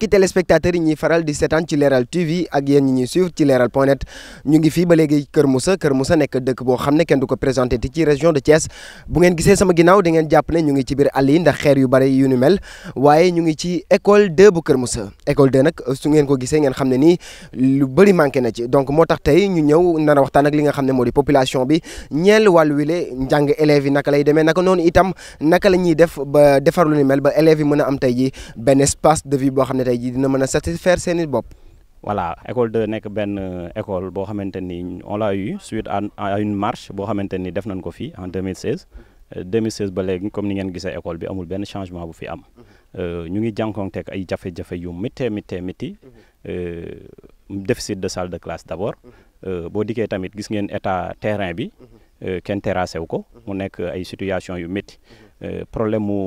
mbokki téléspectateurs yi ñuy faral di seetaan ci Leral TV ak yéen ñi ñuy suivre ci leral point net ñu ngi fii ba boo xam ne kenn du ko présenté ti ci région de Thiès bu ngeen gisee sama ginnaaw da ngeen jàpp ne ñu ni ñu ngi ci école 2 bu Kër Moussa école su ngeen ko gisee ngeen xam ne nii lu bëri manqué na ci donc moo tax tey ñu ñëw nar a waxtaan ak li nga xam ne moo di population bi ñeel wàllu wile njàng élèves yi naka lay demee naka noonu itam naka la ñuy def ba defar lu ni mel ba élèves yi mën am tey ji benn espace de vie boo xam ne tey jii dina mën a satisfaire seeni bopp. voilà école 2 nekk benn euh, école boo xamante ni on l'a eu suite à une marche boo xamante ni def nañ ko fii en 2016 2016 euh, ba léegi comme ni ngeen gisee école bi amul benn changement bu fi am euh, ñu ngi jànkoonteeg ay jafe-jafe yu méttee méttee métti déficit de salle de classe d'abord boo dikkee tamit gis ngeen état terrain bi kenn terrassé wu ko mu nekk ay situation yu métti problème mu.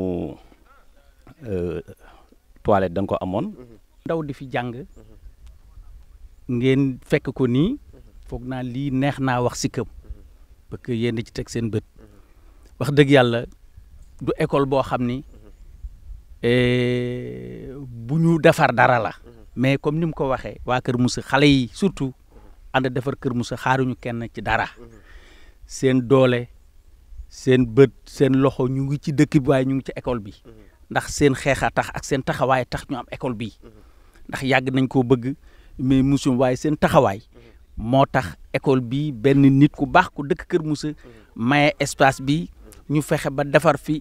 toilette da ko amoon. Mhm. ndaw di fi jàng mhm. ngeen fekk ko nii mhm. foog naa lii neex naa wax si këm parce que yéen ci teg seen bët wax dëgg yàlla du école boo xam ni eh, bu ñu defar dara la. mais comme ni mu ko waxee waa Kër Moussa xale yi surtout ànd defar Kër Moussa xaaruñu kenn ci dara seen doole seen bët seen loxo ñu ngi ci dëkk bi waaye ñu ngi ci école bi ndax seen xeexa tax ak seen taxawaay tax ñu am école bi ndax yàgg nañ koo bëgg mais musum waaye seen taxawaay moo tax école bi benn nit ku baax ku dëkk Kër Moussa mm-hmm. maye espace bi ñu fexe ba defar fi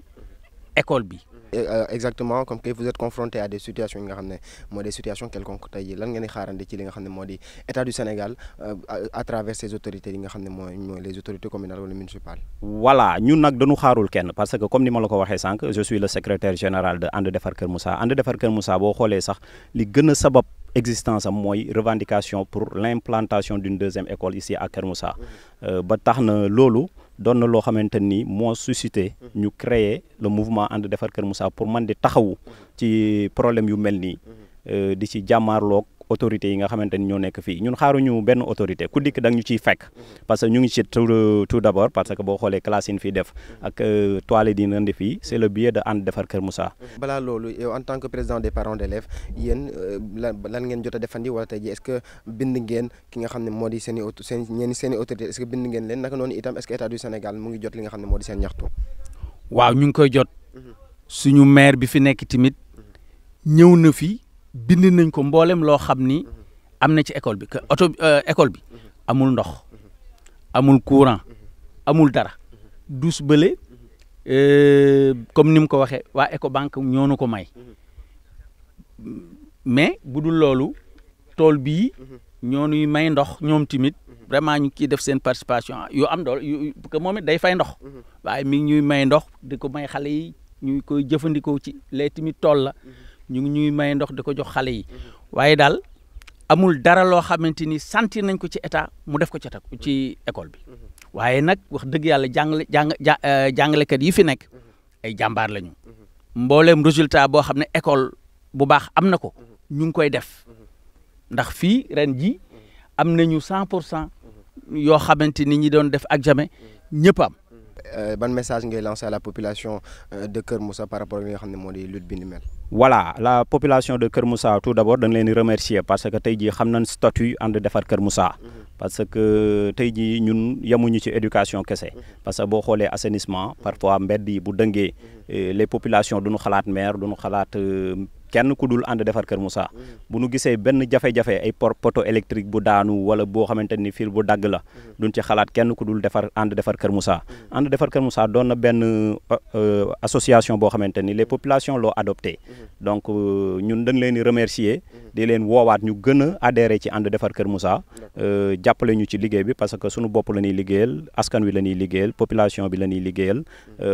école bi Euh, exactement comme que vous êtes confronté à des situations yi nga xam ne moo des situations quelconques tey jii lan ngeen di ci li nga xam ne moo di état du Sénégal euh, à travers ses autorités yi nga xam ne mooy mooy les autorités communales wala municipales. voilà ñun nag dañu xaarul kenn parce que comme ni ma la ko waxee sànq je suis le secrétaire général de And Defar Kër Moussa And Defar Kër Moussa boo xoolee sax li gën a sabab. existence am mooy revendication pour l'implantation d'une deuxième école ici à Kër mmh. euh, ba tax na loolu doon na loo xamante ni moo suscité ñu créer le mouvement ànd defar Kër Moussa pour man di taxaw ci problème yu mel nii mhm. euh, di ci jàmmaarloog autorités yi nga xamante ñoo nekk fii ñun xaaruñu benn autorité ku dikk da ñu ciy fekk parce que ñu ngi ci tout tout parce que boo xoolee classe yi ñu fiy def ak euh, toilettes yi ñu fii c' est le de ànd defar Kër Moussa. balaa loolu yow en tant que président des parents d' élèves euh, lan ngeen jot defandi wala tey jii est bind ngeen ki nga xam ne moo di seen autorité est bind ngeen leen naka noonu itam est état du Sénégal mu ngi jot li bind nañ ko mboolem loo xam ni am na ci école bi que oto euh, école bi amul ndox amul courant amul dara douche bële euh, comme ni mu ko waxee waa Ecobank ñoo nu ko may mais bu dul loolu tool bii ñoo nuy may ndox ñoom tamit vraiment ñu kii def seen participation yoo am dool yu que moom it day fay ndox waaye mi ñuy may ndox di ko may xale yi ñu koy jëfandikoo ci lee tamit tool la ñu ngi ñuy may ndox di ko jox xale yi waaye daal amul dara loo xamante ni sentir nañ ko ci état mu def ko ci ci école bi waaye nag wax dëgg yàlla jàngale jàng euh, jàngalekat yi fi nekk ay jàmbaar lañu mboolem résultat boo xam ne école bu baax am na ko ñu ngi koy def ndax fii ren ji am nañu cent pour cent yoo xamante ni ñi doon def ak examen ñëpp am Euh, ban message ngay lancé la population euh, de Kër Moussa par rapport bi nga xam ne moo di lutte bi ni mel. voilà la population de Kër Moussa tout d' abord dañ leen di remercier parce que tey jii xam nañ statut ànd defar Kër Moussa. Mhm. parce que tey jii ñun yemuñu ci éducation kese. Mhm. parce que boo xoolee assainissement parfois mbedd yi bu dëngee mhm. euh, les populations duñu xalaat maire duñu xalaat. kenn ku dul ànd defar Kër Moussa bu nu gisee benn jafe-jafe ay por poto électrique bu daanu wala boo xamante ni fil bu dagg la duñ ci xalaat kenn ku dul defar ànd defar Kër Moussa ànd defar Kër Moussa doon na benn euh, euh, association boo xamante ni les populations l'ont adopté donc euh, ñun dañ leen di remercier di leen woowaat ñu gën a adhéré ci ànd defar Kër Moussa jàppale ñu ci liggéey bi parce que suñu bopp la ñuy liggéeyal askan wi la ñuy liggéeyal population bi la ñuy liggéeyal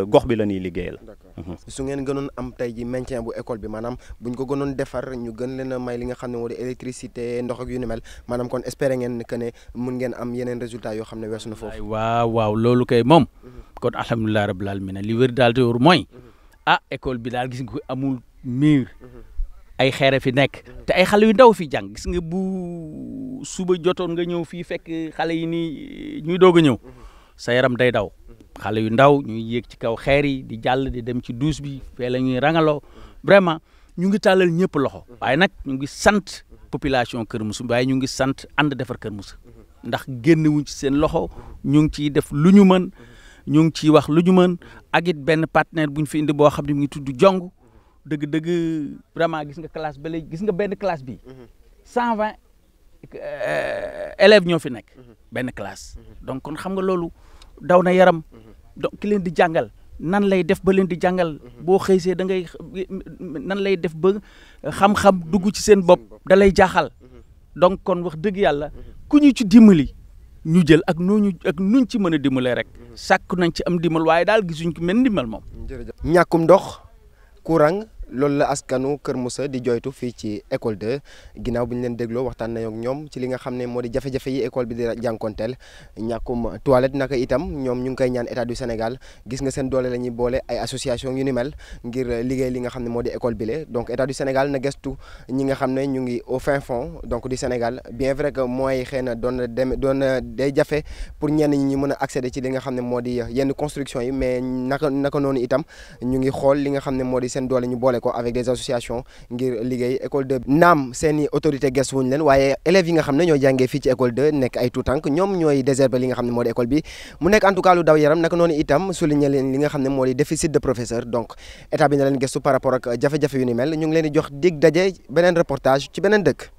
gox bi la ñuy liggéeyal mhm. su école bi maanaam buñ ko gënoon defar ñu gën leen a may li a xam ne moo di électricité ndox ak yu ni mel maanaam kon espérer ngeen que mun ngeen am yeneen résultat yoo xam ne weesu na foofu. waaw loolu kay moom. Mhm. kon alhamdulilah rabbil alamin li wér daal te wóor mooy. Mhm. ah école bi daal gis nga amul mur. Mhm. ay xeere fi nekk te ay xale yu ndaw fi jàng gis nga bu suba jotoon nga ñëw fi fekk xale yi nii eh, ñuy doog a ñëw sa yaram day daw xale yu ndaw ñuy yéeg ci kaw xeer yi di jàll di dem ñu ngi tàllal ñëpp loxo waaye nag ñu ngi sant population Kër Moussa waaye ñu ngi sant ànd defar Kër Moussa ndax génn wuñ ci seen loxo ñu ngi ciy def lu ñu mën ñu ngi ciy wax lu ñu mën ak it benn partenaire bu ñu fi indi boo xam ne mu ngi tudd jong dëgg-dëgg vraiment gis nga classe ba léegi gis nga benn classe bi cent vingt euh, élèves ñoo fi nekk mhm. benn classe donc kon xam nga loolu daw na yaram donc ki leen di jàngal nan lay def ba leen di jàngal mhm. boo xëysee da ngay nan lay def ba xam-xam dugg ci seen bopp da lay jaaxal mhm. donc kon wax dëgg yàlla mhm. ku ñu ci dimbali ñu jël ak nooñu ak nuñ ci mën a dimbalee rek sàkk nañ ci am dimbal waaye daal gisuñ ko mel ndimbal moom. jërëjëf ñàkkum ndox courant. loolu la askanu Kër Moussa di joytu fii ci école 2 ginnaaw bi ñu leen dégloo waxtaan nañoo ak ñoom ci li nga xam ne moo di jafe-jafe yi école bi di jànkonteel ñàkkum toilette naka itam ñoom ñu ngi koy ñaan état du Sénégal gis nga seen doole la ñuy boole ay association yu ni mel ngir li nga xam ne moo di école bi donc état Sénégal na gëstu ñi nga xam ne ñu ngi au fin fond donc du Sénégal bien vrai que mooy xëy na doon deme dem doon na jafe pour ñenn ñi ñu mën a accéder ci li nga xam ne moo di yenn construction yi mais naka naka noonu itam ñu ngi xool li nga xam ne moo di seen doole ñu boole boole ko avec des associations ngir liggéey école 2 naam seen i autorité ges wuñu leen waaye élèves yi nga xam ne ñoo jàngee fii ci école 2 nekk ay tuutànk ñoom ñooy désherber li nga xam ne moo di école bi mu nekk en tout cas lu daw yaram naka noonu itam souligner leen li nga xam ne moo di déficit de professeur donc état bi na leen gëstu par rapport ak jafe-jafe yu ni mel ñu ngi leen di jox dig daje beneen reportage ci beneen dëkk